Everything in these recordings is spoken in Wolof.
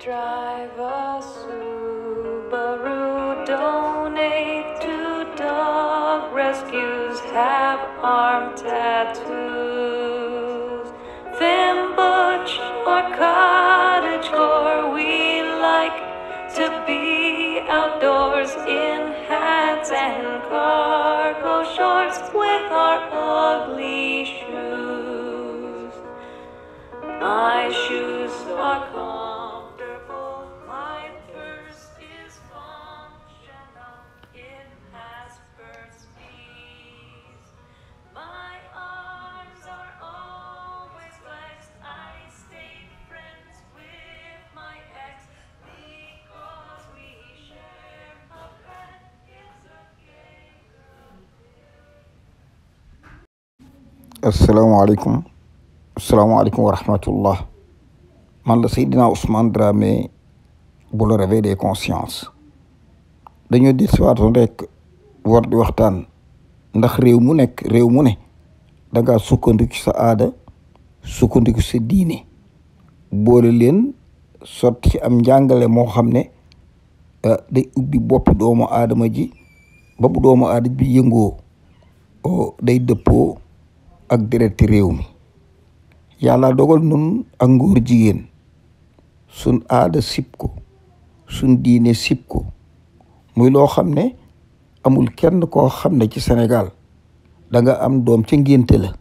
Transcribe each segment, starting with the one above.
drive a Subaru, donate to dog rescues, have arm tattoos. Thin butch or cottage core, we like to be outdoors in hats and cargo shorts with our ugly shoes. My shoes are gone. asalaamaaleykum asalaamaaleykum wa rahmatullah man la Seydina Ousmane Dramé bu de conscience des consciences dañoo di siwaatoon rek war di waxtaan ndax réew mu nekk réew mu ne dangaa sukkandiku sa aada sukkandiku sa diine boole leen sotti ci am njàngale moo xam ne ah, day ubbi boppi doomu aadama ji ba bu doomu aadama bi yëngoo oh, day dëppoo ak dereti réew mi yàlla dogal nun ak ngóor jigéen sun aada sib ko sun diine sib muy loo xam ne amul kenn koo xam ne ci Sénégal danga am doom ci ngénte la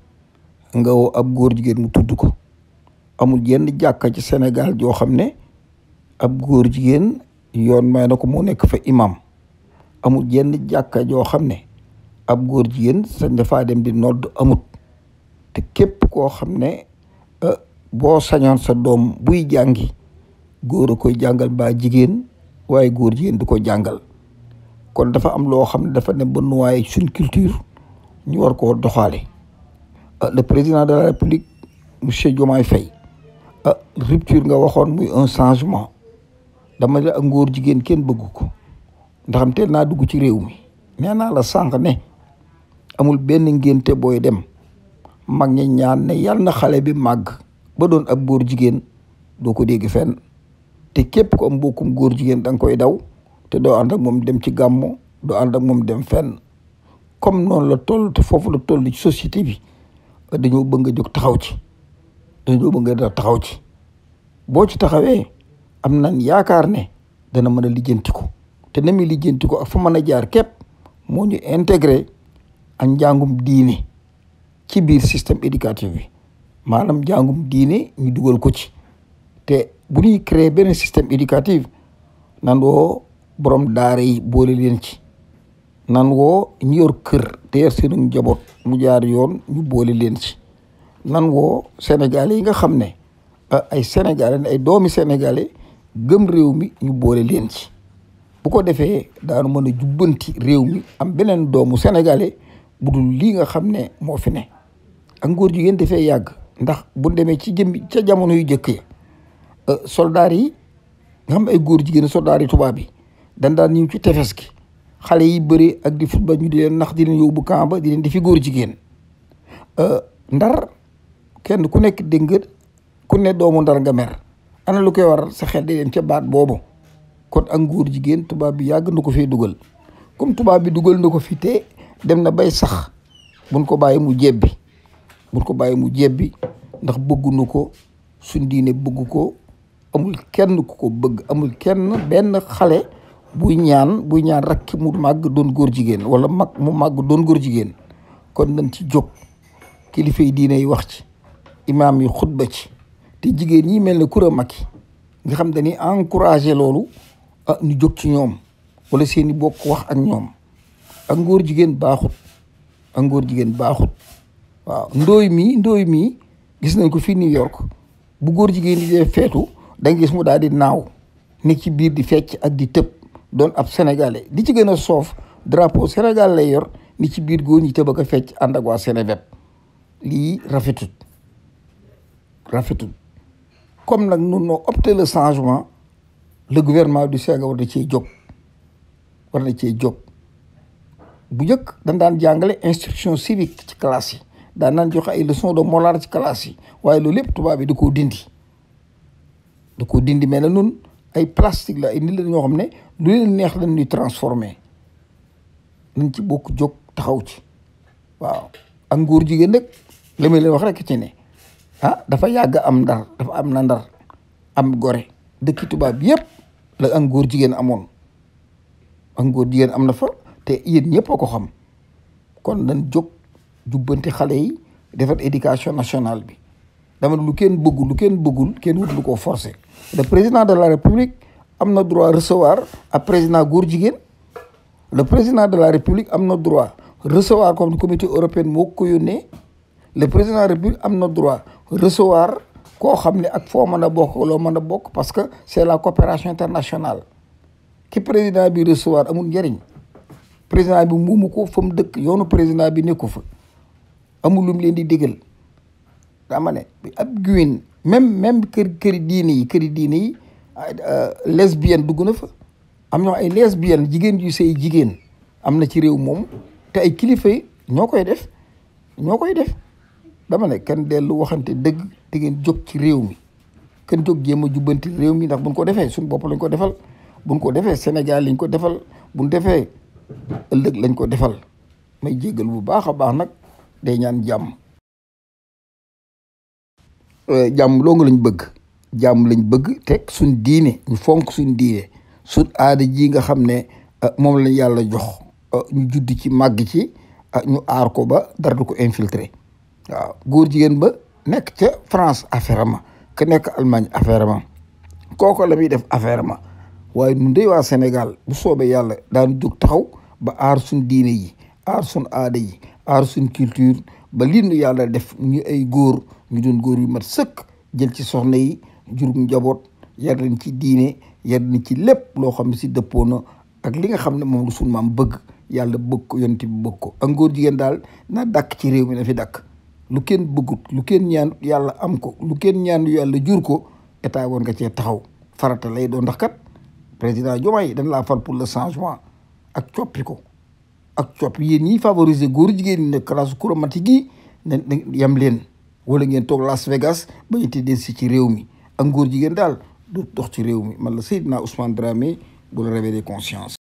nga woo ab góor jigéen mu tudd ko amul jenn jàkka ci Sénégal joo xam ne ab góor jigéen yoon may na ko mu nekk fa imam amul jenn jàkka joo xam ne ab góor jigéen sañ dafaa dem di nodd amut te képp koo xam ne euh, boo sañoon sa doom buy jàngi góor koy jàngal ba jigéen waaye góor jigéen du ko jàngal kon dafa am loo xam ne dafa ne ba nuwaay suñ culture ñu war ko doxaale euh, le président de la république monsieur Diomaye Faye ah rupture nga waxoon muy un changement dama ne ak ngóor jigéen kenn bëgg ko ndax am teel naa dugg ci réew mi nee naa la sànq ne amul benn ngénte booy dem mag ñi ñaan ne yal na xale bi màgg ba doon ab góor jigéen doo ko dégg fenn te képp ko am mbokkum góor jigéen da koy daw te doo ànd moom dem ci gàmmu doo ànd moom dem fenn comme noonu la toll te foofu la toll ci société bi dañoo bëgg a jóg taxaw ci dañoo bëgg a taxaw ci boo ci taxawee am nañ yaakaar ne dana mën a lijjanti ko te na muy lijjanti ko ak fa mën a jaar képp moo ñu intégré ak njàngum diine ci biir système éducatif bi maanaam jàngum diine ñu dugal ko ci te bu ñuy créer benn système éducatif nan woo borom daara yi boole leen ci nan woo ñu yor kër te yor seenu njaboot mu jaar yoon ñu boole leen ci nan woo sénégalais yi nga xam ne ah, ay sénégalais ay doomi sénégalais gëm réew mi ñu boole leen ci bu ko defee daanu mën a jubbanti réew mi am beneen doomu sénégalais bu dul lii nga xam ne moo fi ne ak ngóor jigéen dafay yàgg ndax bu demee ci jëm ca jamono yu jëkk ya euh, soldaar yi nga xam ay góor jigéen soldaari yi tubaab yi dañ daan ñëw ci tefes gi xale yi bëri ak di football ñu di leen nax dina leen yóbbu camp ba di leen di fi góor jigéen euh, ndar kenn ku nekk dégg nga ku ne doomu ndar nga mer ana lu koy waral sa xel di ca baat boobu kon ak góor jigéen tubaab bi yàgg na ko fee dugal comme tubaab bi dugal na ko fi te dem na bay sax buñ ko bàyyi mu jébbi bu ko bàyyi mu jebbi ndax bëggunu ko suñ diine bëgg ko amul kenn ku ko bëgg amul kenn benn xale buy ñaan buy ñaan rakk mu màgg doon góor jigéen wala mag mu màgg doon góor jigéen kon nañ ci jóg kilifa diine yi wax ci imaam yi xutba ci te jigéen ñi mel ne kura Macky nga xam dañuy encouragé loolu ah ñu jóg ci ñoom wala seeni bokk wax ak ñoom ak ngóor jigéen baaxut ak ngóor jigéen baaxut waaw ndooy mii ndooy mii gis nañ ko fii New York bu góor jigéen di dee feetu da nga gis mu daal di naaw ni ci biir di fecc ak di tëb doon ab sénégalais di ci gën a soof drapeau Sénégal yor ni ci biir góor ñi tëb ak a fecc ànd ak waa Sénégal lii rafetut rafetut comme nag nun noo opté le changement le gouvernement du Sénégal war na cee jóg war na cee jóg bu njëkk dañ daan jàngale instruction civique ci classe yi daan naan joxe ay leçon de morale ci classe yi waaye loolu lépp tubaab bi da koo dindi da koo dindi mais na nun ay plastique la ay nit la ñoo xam ne lu leen neex la ñuy transformé nañ ci bokk jóg taxaw ci waaw ak ngóor jigéen nag la may leen wax rek ci ne ah dafa yàgg am ndar dafa am na ndar am gore dëkki tubaab yépp la ak ngóor jigéen amoon ak ngóor jigéen am na fa te yéen ñëpp a ko xam kon dañ jóg jubbanti xale yi defar éducation nationale bi dama lu kenn bëggul lu kenn bëggul kenn wut ko forcé le président de la république am na droit recevoir a président góor jigéen le président de la république am na droit recevoir comme comité européen moo ko yónnee le président de am na droit recevoir koo xam ne ak foo mën a bokk loo mën a bokk parce que c' est la coopération internationale ki président bi recevoir amul njëriñ président bi muumu ko fa dëkk yoonu président bi nekku fa amul lum leen di digal dama ne ab gwin même même kër këri diine yi këri diine yi euh, lesbienne dugg na fa am ñoo ay lesbienne jigéen yu sëy jigéen am na ci réew moom te ay kilifa yi ñoo koy def ñoo koy def dama ne kenn dellu waxante dëgg te ngeen jóg ci réew mi kenn jóg jéem a jubbanti réew mi ndax buñ ko defee suñ bopp lañ ko defal buñ ko defee Sénégal lañ ko defal buñ defee ëllëg lañ ko defal may jéggal bu baax a baax nag day ñaan jàmm euh, jàmm loo nga lañ bëgg jàmm lañ bëgg te suñ diine ñu fonk suñ diine suñ aada ji nga xam ne euh, moom lañ yàlla jox euh, ñu judd ci màgg ci ñu aar ko ba dara du ko infiltré waaw góor jigéen ba nekk ca France affaire ma ka nekk Allemagne affaire ma kooku la muy def affaire ma waaye ñun dey waa Sénégal bu soobee yàlla daan jóg taxaw ba aar suñ diine yi aar suñ aada yi aar suñ culture ba lii nu yàlla def ñu ay góor ñu dun góor yu mat sëkk jël ci soxna yi jurum njaboot yar leen ci diine yar leen ci lépp loo xam si dëppoo na ak li nga xam ne moom lu suñ maam bëgg yàlla bëgg ko yonent bi bëgg ko ak ngóor jigéen daal na dàkk ci réew mi na fi dakk lu kenn bëggut lu kenn ñaan yàlla am ko lu kenn ñaan yàlla jur ko état woon nga cee taxaw farata lay doon ndax kat président Diomaye dañ laa fal pour le changement ak coppi ko ak copp yéen ñiy favoriser góor jigéen ñi ne classe chromatique yi na yem leen wala ngeen toog Las Vegas ba ñu tëddee si ci réew mi ak góor jigéen daal du dox ci réew mi man la Seydina Ousmane Dramé bu la réveillé conscience